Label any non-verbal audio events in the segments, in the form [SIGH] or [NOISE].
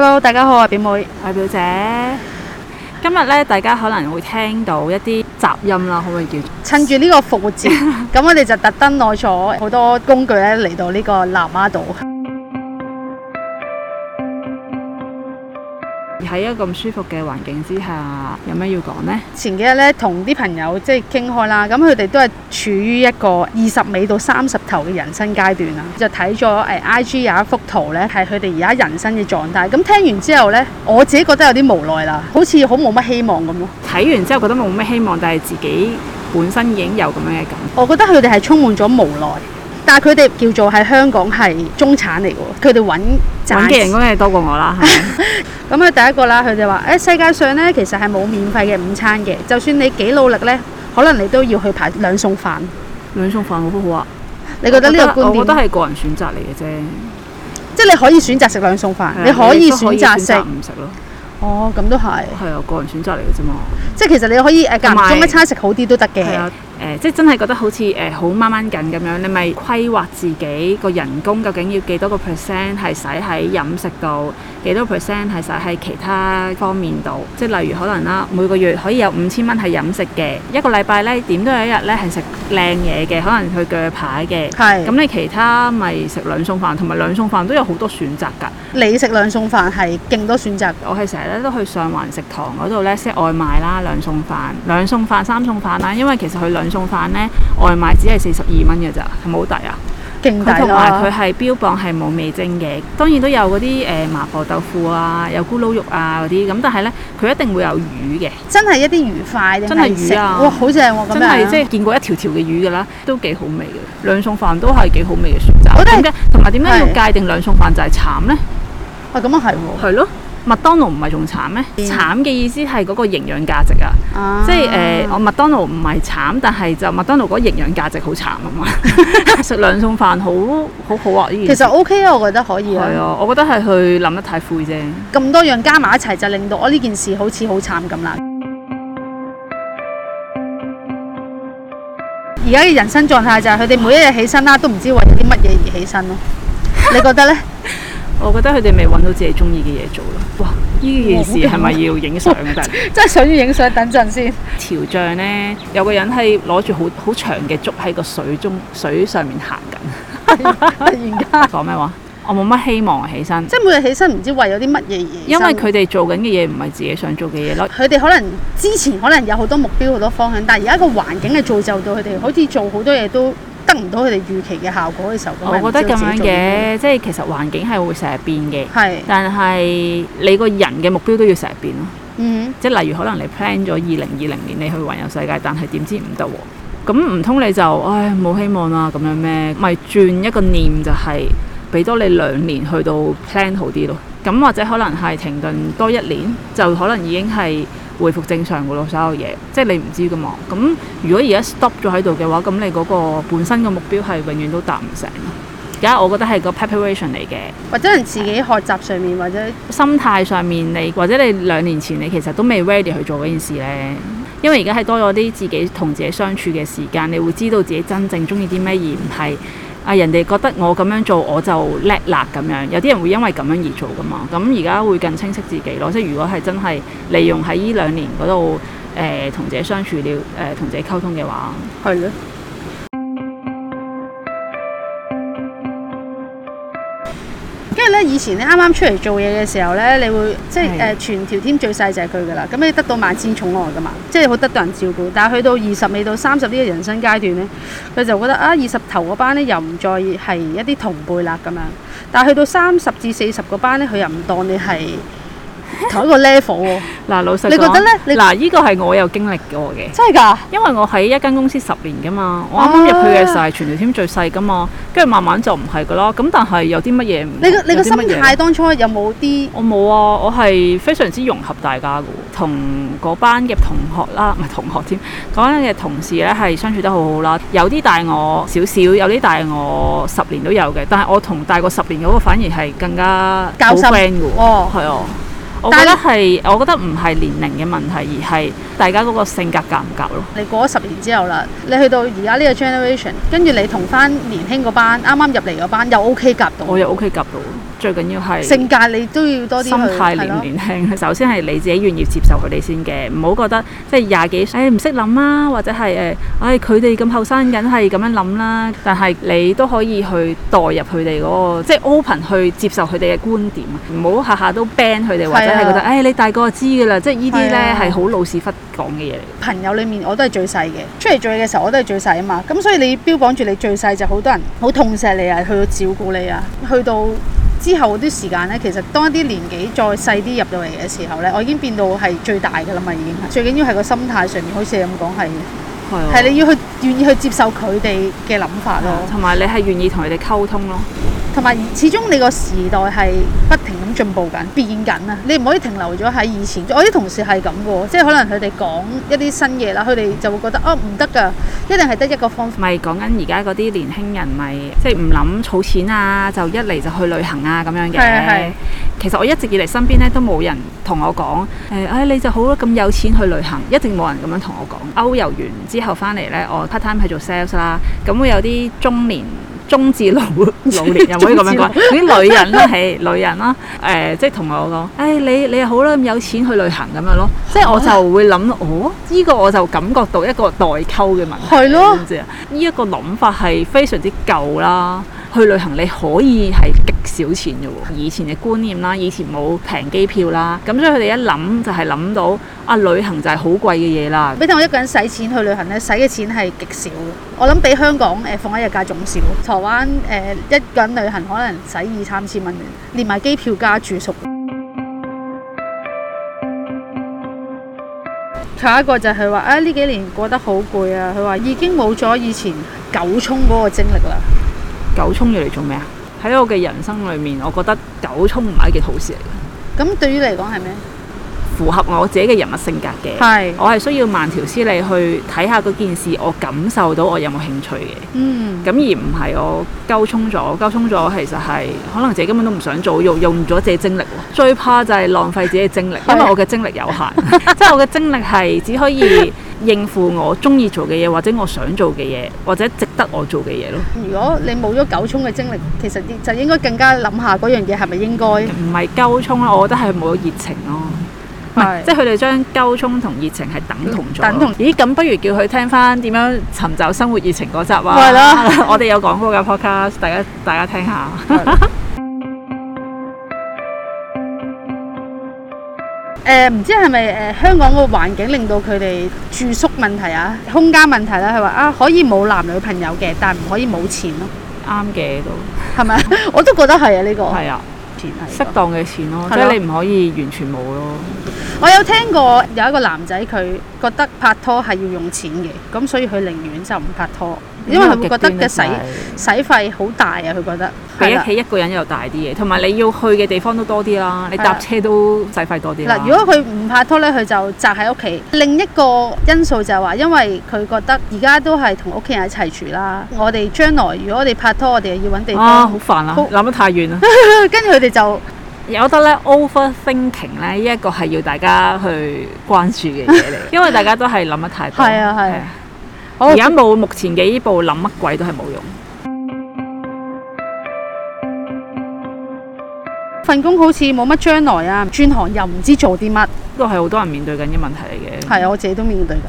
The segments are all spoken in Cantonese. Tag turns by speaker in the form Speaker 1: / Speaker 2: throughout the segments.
Speaker 1: Hello，大家好啊，我係表妹，
Speaker 2: 我係表姐。今日咧，大家可能會聽到一啲雜音啦，可唔可以叫？
Speaker 1: 趁住呢個復活節，咁 [LAUGHS] 我哋就特登攞咗好多工具咧嚟到呢個南丫島。
Speaker 2: 喺一個咁舒服嘅環境之下，有咩要講呢？前幾日咧，
Speaker 1: 同啲朋友即係傾開啦，咁佢哋都係處於一個二十尾到三十頭嘅人生階段啦，就睇咗誒 IG 有一幅圖咧，係佢哋而家人生嘅狀態。咁聽完之後呢，我自己覺得有啲無奈啦，好似好冇乜希望咁咯。
Speaker 2: 睇完之後覺得冇乜希望，但係自己本身已經有咁樣嘅感覺。
Speaker 1: 我覺得佢哋係充滿咗無奈。但係佢哋叫做喺香港係中產嚟喎，佢哋揾揾嘅人工係多過我啦，咁啊， [LAUGHS] 第一個啦，佢哋話：誒、欸、世界上咧，其實係冇免費嘅午餐嘅，就算你幾努力咧，可能你都要去排兩餸飯。兩餸飯好唔好啊？你覺得呢個觀點？我覺得係
Speaker 2: 個人選擇嚟嘅啫。
Speaker 1: 即係你可以選擇食兩餸飯，的你可以選擇食唔食咯。哦，咁都係。係啊，個人選擇嚟嘅啫嘛。即係其實你可以誒間中一餐食好啲都得嘅。
Speaker 2: 誒、呃，即係真係覺得好似誒、呃、好掹掹緊咁樣，你咪規劃自己個人工究竟要幾多個 percent 係使喺飲食度。幾多 percent 其實喺其他方面度？即係例如可能啦，每個月可以有五千蚊係飲食嘅。一個禮拜呢，點都有一日呢係食靚嘢嘅，可能去鋸扒嘅。係是。咁你其他咪食兩餸飯，同埋兩餸飯都有好多選擇㗎。你食兩餸飯係勁多選擇，我係成日咧都去上環食堂嗰度咧食外賣啦、兩餸飯、兩餸飯、三餸飯啦。因為其實佢兩餸飯呢，外賣只係四十二蚊嘅咋，係咪好抵啊？佢同埋佢係標榜係冇味精嘅，當然都有嗰啲誒麻婆豆腐啊，有咕嚕肉啊嗰啲，咁但係咧，佢一定會有魚嘅。真係一啲魚塊，真係魚啊！哇，好正、啊、真係即係見過一條條嘅魚㗎啦，都幾好味嘅。兩餸飯都係幾好味嘅選擇。我覺得，同埋點解要界定是兩餸飯就係慘咧？啊，咁啊係喎。係咯。麥當勞唔係仲慘咩？嗯、慘嘅意思係嗰個營養價值啊，
Speaker 1: 啊即係誒、呃，
Speaker 2: 我麥當勞唔係慘，但係就麥當勞嗰營養價值好慘啊嘛。 [LAUGHS] [LAUGHS] 食兩餸飯好好，好好啊！呢其實
Speaker 1: OK 啊，我覺得可以啊。係啊，我
Speaker 2: 覺得係佢諗得太灰啫。
Speaker 1: 咁多樣加埋一齊就令到我呢件事好似好慘咁啦。而家嘅人生狀態就係佢哋每一日起身啦、啊，都唔知為啲乜嘢而起身咯。
Speaker 2: [LAUGHS] 你覺得呢？ [LAUGHS] 我覺得佢哋未揾到自己中意嘅嘢做咯。哇！呢件事係咪要影相啊？即係 [LAUGHS] 想要影相，等陣先。潮漲呢，有個人係攞住好好長嘅竹喺個水中水上面行緊。而家講咩話？我冇乜希望起身。
Speaker 1: 即係每日起身唔知為咗啲乜
Speaker 2: 嘢嘢。因為佢哋做緊嘅嘢唔係自己想做嘅嘢咯。佢哋可能之前可能有好多目
Speaker 1: 標，好多方向，但係而家個環境係造就到佢哋，好似做好多嘢都，得唔到佢哋預期嘅效果嘅時候，我覺得咁樣嘅，即
Speaker 2: 係其實環境係會成日變嘅。係是，但係你個人嘅目標都要成日變咯。嗯哼，即係例如可能你 plan 咗二零二零年你去環遊世界，但係點知唔得喎？咁唔通你就唉冇希望啦、啊、咁樣咩？咪轉一個念就係、是、俾多你兩年去到 plan 好啲咯。咁或者可能係停頓多一年，就可能已經係恢復正常噶咯。所有嘢即係你唔知噶嘛。咁如果而家 stop 咗喺度嘅話，咁你嗰個本身嘅目標係永遠都達唔成。而家我覺得係個 preparation 嚟嘅，
Speaker 1: 或者係自己學習上面，或者
Speaker 2: 心態上面，你或者你兩年前你其實都未 ready 去做嗰件事呢。因為而家係多咗啲自己同自己相處嘅時間，你會知道自己真正鍾意啲咩，而唔係啊人哋覺得我咁樣做我就叻喇咁樣。有啲人會因為咁樣而做㗎嘛。咁而家會更清晰自己咯。即係如果係真係利用喺呢兩年嗰度誒同自己相處了，誒同自己溝通嘅話，係咯。
Speaker 1: 因為咧，以前咧，啱啱出嚟做嘢嘅時候咧，你會即係誒是的、呃，全條添最細就係佢噶啦。咁你得到萬千寵愛噶嘛，即係好得到人照顧。但係去到二十未到三十呢個人生階段咧，佢就覺得啊，二十頭嗰班咧又唔再係一啲同輩啦咁樣。但係去到三十至四十個班咧，佢又唔當你係。
Speaker 2: 同一個 level 喎。嗱，老實講，你覺得咧？嗱，依、這個係我有經歷過嘅。真係噶，因為我喺一間公司十年噶嘛，我啱啱入去嘅時候係全條 team 最細噶嘛，跟住、啊、慢慢就唔係噶咯。咁但係有啲乜嘢？你你個心態當初有冇啲？我冇啊，我係非常之融合大家噶，同嗰班嘅同學啦，唔係同學添，嗰班嘅同事咧係相處得好好啦。有啲大我少少，有啲大我十年都有嘅，但係我同大過十年嗰個反而係更加交 friend 噶，哦，係啊。我覺得係，我覺得唔係年齡嘅問題，而係大家嗰個性格夾唔夾咯。
Speaker 1: 你過咗十年之後啦，你去到而家呢個 generation，跟住你同翻年輕嗰班，啱啱入嚟嗰班又 OK 夾到。我又
Speaker 2: OK 夾到，最緊要係性格
Speaker 1: 你都要多啲。心態年唔年
Speaker 2: 輕，的首先係你自己願意接受佢哋先嘅，唔好覺得即係廿幾歲，誒唔識諗啦，或者係誒，誒佢哋咁後生梗係咁樣諗啦。但係你都可以去代入佢哋嗰個，即係 open 去接受佢哋嘅觀點，唔好下下都 ban 佢哋係覺得，誒、哎、你大個知㗎啦，即係呢啲咧係好老屎忽講嘅嘢。
Speaker 1: 朋友裡面我都係最細嘅，出嚟做嘢嘅時候我都係最細啊嘛。咁所以你標榜住你最細，就好多人好痛錫你啊，去到照顧你啊。去到之後嗰啲時間咧，其實當一啲年紀再細啲入到嚟嘅時候咧，我已經變到係最大㗎啦嘛，已經係最緊要係個心態上面，好似你咁講係係你要去願意去接受佢哋嘅諗法咯，同
Speaker 2: 埋、啊、你係願意
Speaker 1: 同佢哋溝通咯。同埋，始終你個時代係不停咁進步緊，變緊啊！你唔可以停留咗喺以前。我啲同事係咁喎，即係可能佢哋講一啲新嘢啦，佢
Speaker 2: 哋就會覺得哦，唔得㗎，一定係得一個方法。咪講緊而家嗰啲年輕人咪即係唔諗儲錢啊，就一嚟就去旅行啊咁樣嘅。係係。其實我一直以嚟身邊咧都冇人同我講誒，唉、哎、你就好咁有錢去旅行，一定冇人咁樣同我講。歐遊完之後翻嚟呢，我 part time 係做 sales 啦、啊，咁會有啲中年。中至老老年有冇啲咁樣講。啲 [LAUGHS] 路 [LAUGHS] 女人都係女人啦，誒、 [LAUGHS] 呃，即係同我講，誒、哎，你你又好啦，咁有錢去旅行咁樣咯， [LAUGHS] 即係我就會諗，哦，呢、這個我就感覺到一個代溝嘅問題，知唔知啊？呢一 [LAUGHS] 個諗法係非常之舊啦，去旅行你可以係。少錢嘅喎，以前嘅觀念啦，以前冇平機票啦，咁所以佢哋一諗就係、是、諗到啊，旅行就係好貴嘅嘢啦。俾到我一個人使錢去旅行咧，使嘅錢係極少。我諗比香港誒、呃、放一日假仲少。台灣
Speaker 1: 誒、呃，一個人旅行可能使二三千蚊，連埋機票加住宿。仲有一個就係佢話啊，呢幾年過得好攰啊，佢話已經冇咗以前九衝嗰個精力啦。
Speaker 2: 九衝要嚟做咩啊？喺我嘅人生裏面，我覺得九衝唔係一件好事嚟嘅。
Speaker 1: 咁 [NOISE] 對於你嚟講係咩？
Speaker 2: 符合我自己嘅人物性格嘅。係是，我係需要慢條斯理去睇下嗰件事，我感受到我有冇興趣嘅。嗯。咁而唔係我九衝咗，九衝咗，其實係可能自己根本都唔想做，用用唔咗自己精力。最怕就係浪費自己嘅精力，因為我嘅精力有限，即係我嘅精力係只可以。應付我中意做嘅嘢，或者我想做嘅嘢，或者值得我做嘅嘢咯。如果你冇咗
Speaker 1: 九衝嘅精力，其實就應該更加諗下嗰樣嘢係咪應該。唔係九衝咯，我覺得係
Speaker 2: 冇咗熱情咯、啊。唔係，即係佢哋將九衝同熱情係等同咗。等同咦？咁不如叫佢聽翻點樣尋找生活熱情嗰集啊？係咯， [LAUGHS] [LAUGHS] 我哋有講過嘅 podcast，大家大家,大家聽,聽下。
Speaker 1: 誒唔、呃、知係咪誒香港個環境令到佢哋住宿問題啊、空間問題啦、啊，佢話啊可以冇男女朋友嘅，但係唔可以冇錢咯、啊。啱嘅都係咪？我都覺得係啊，呢、呢個係
Speaker 2: 啊，錢係、呢個、適當嘅錢咯、啊，即、就、係、係、你唔可以完全冇咯、啊。
Speaker 1: 啊、我有聽過有一個男仔，佢覺得拍拖係要用錢嘅，咁所以佢寧願就唔拍拖。因為佢會覺得嘅使使費好大啊，佢覺得
Speaker 2: 喺屋企一個人又大啲嘅，同埋是的 你要去嘅地方都多啲啦，是的 你搭車都使費多啲。嗱，如果佢
Speaker 1: 唔拍拖咧，佢就宅喺屋企。另一個因素就係話，因為佢覺得而家都係同屋企人一齊住啦。我哋將來如果我哋拍拖，我哋要揾地方。好煩
Speaker 2: 啊，諗、啊、很得太遠啊。跟住佢哋就有得咧，overthinking 咧，呢一個係要大家去關注嘅嘢嚟。 [LAUGHS] 因為大家都係諗得太多。係啊，係哦、而家冇目前嘅，呢部諗乜鬼都係冇用，
Speaker 1: 份工好似冇乜將來啊，轉行又唔知做啲乜，
Speaker 2: 都係好多人面對緊嘅問題嚟嘅。係啊，我
Speaker 1: 自己都面對緊。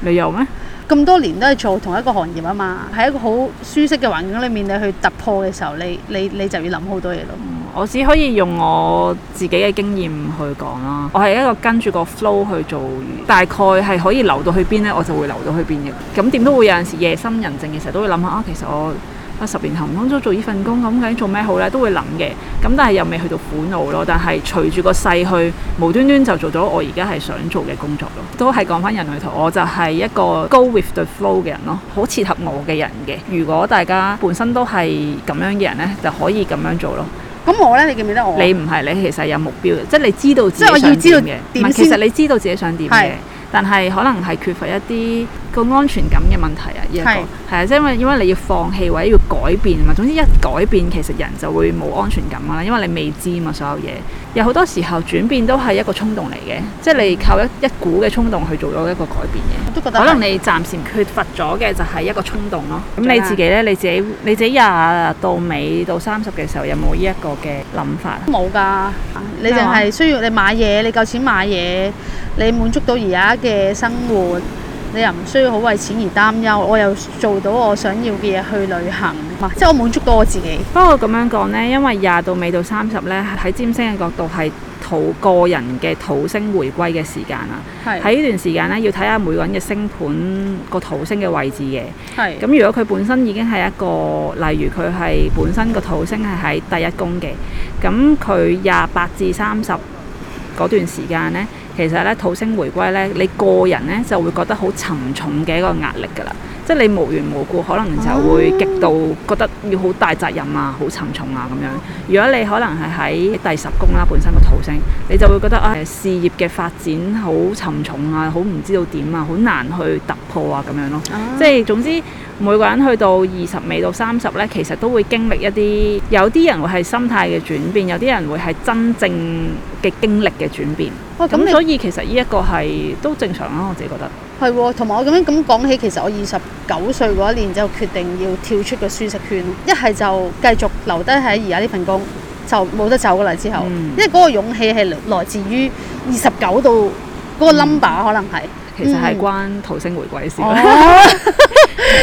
Speaker 1: 你有咩？咁多年都係做同一個行業啊嘛，喺一個好舒適嘅環境裏面，你去突破嘅時候，你你你就要諗好多嘢咯。嗯
Speaker 2: 我只可以用我自己嘅經驗去講啦。我係一個跟住個 flow 去做，大概係可以留到去邊呢？我就會留到去邊嘅。咁點都會有陣時夜深人靜嘅時候都會諗下啊，其實我啊十年後唔通都做呢份工，咁究竟做咩好呢？都會諗嘅。咁但係又未去到苦惱咯。但係隨住個勢去，無端端就做咗我而家係想做嘅工作咯。都係講翻人類圖，我就係一個 go with the flow 嘅人咯，好切合我嘅人嘅。如果大家本身都係咁樣嘅人呢，就可以咁樣做咯。咁我咧，你記唔記得我？你唔係，你其實有目標嘅，即係你知道自己想點嘅。唔係，其實你知道自己想點嘅，的但係可能係缺乏一啲。個安全感嘅問題啊，呢、這、一個係啊是，即係因為因為你要放棄或者要改變啊嘛。總之一改變，其實人就會冇安全感噶啦，因為你未知嘛所有嘢。有好多時候轉變都係一個衝動嚟嘅，即係你靠一、嗯、一股嘅衝動去做咗一個改變嘅。我都覺得可能你暫時缺乏咗嘅就係一個衝動咯。咁的你自己呢？你自己你自己廿到尾到三十嘅時候，有冇呢一個嘅諗法？冇㗎，你淨係需要
Speaker 1: 你買嘢，你夠錢買嘢，你滿足到而家嘅生活。嗯你又唔
Speaker 2: 需要好為錢而擔憂，我又做到我想要嘅嘢去旅行，是即係我滿足到我自己。不，不過咁樣講呢，因為廿到未到三十呢，喺占星嘅角度係土個人嘅土星回歸嘅時間啦。喺呢是段時間呢，要睇下每個人嘅星盤個土星嘅位置嘅。咁是如果佢本身已經係一個，例如佢係本身個土星係喺第一宮嘅，咁佢廿八至三十嗰段時間呢。其實咧土星回歸咧，你個人咧就會覺得好沉重嘅一個壓力㗎啦，即係你無緣無故可能就會極度覺得要好大責任啊，好沉重啊咁樣。如果你可能係喺第十宮啦、啊，本身個土星，你就會覺得啊事業嘅發展好沉重啊，好唔知道點啊，好難去突破啊咁樣咯。啊、即係總之每個人去到二十未到三十咧，其實都會經歷一啲有啲人會係心態嘅轉變，有啲人會係真正。嘅經歷嘅轉變，咁、哦、所以其實呢一個係都正常咯，我自己覺得
Speaker 1: 係喎，同埋我咁樣咁講起，其實我二十九歲嗰一年就決定要跳出個舒適圈，一係就繼續留低喺而家呢份工，就冇得走過嚟之後，嗯、因為嗰個勇氣係來自於二十九度嗰個 number、嗯、可能係，其實係關土星回歸事。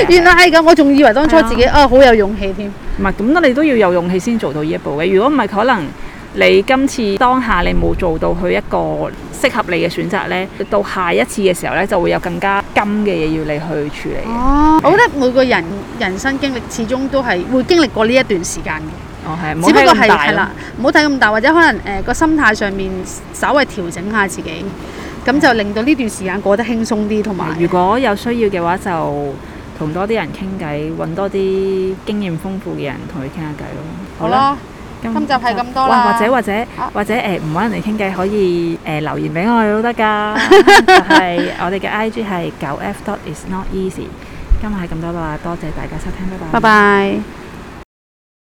Speaker 1: 原來係咁，我仲以為當初自己啊，啊好有勇氣添，
Speaker 2: 唔係咁，你都要有勇氣先做到呢一步嘅，如果唔係可能。你今次當下你冇做到去一個適合你嘅選擇呢，到下一次嘅時候呢，就會有更加金嘅嘢要你去處理。
Speaker 1: 哦，我覺得每個人人生經歷始終都係會經歷過呢一段時間
Speaker 2: 嘅。哦，係，唔好唔
Speaker 1: 好睇咁大，或者可能誒、呃、個心態上面
Speaker 2: 稍微調整下自己，咁
Speaker 1: 就令到呢段時間過得輕鬆啲，同埋
Speaker 2: 如果有需要嘅話就同多啲人傾偈，揾多啲經驗豐富嘅人同佢傾下偈咯。好啦。好。
Speaker 1: 今集係咁多啦，或者或
Speaker 2: 者或者誒，唔揾人嚟傾偈，可以誒，留言俾我哋都得㗎。係，我哋嘅 IG 係 9f dot is not easy。今日係咁多啦，多謝大家收聽，拜拜。拜拜。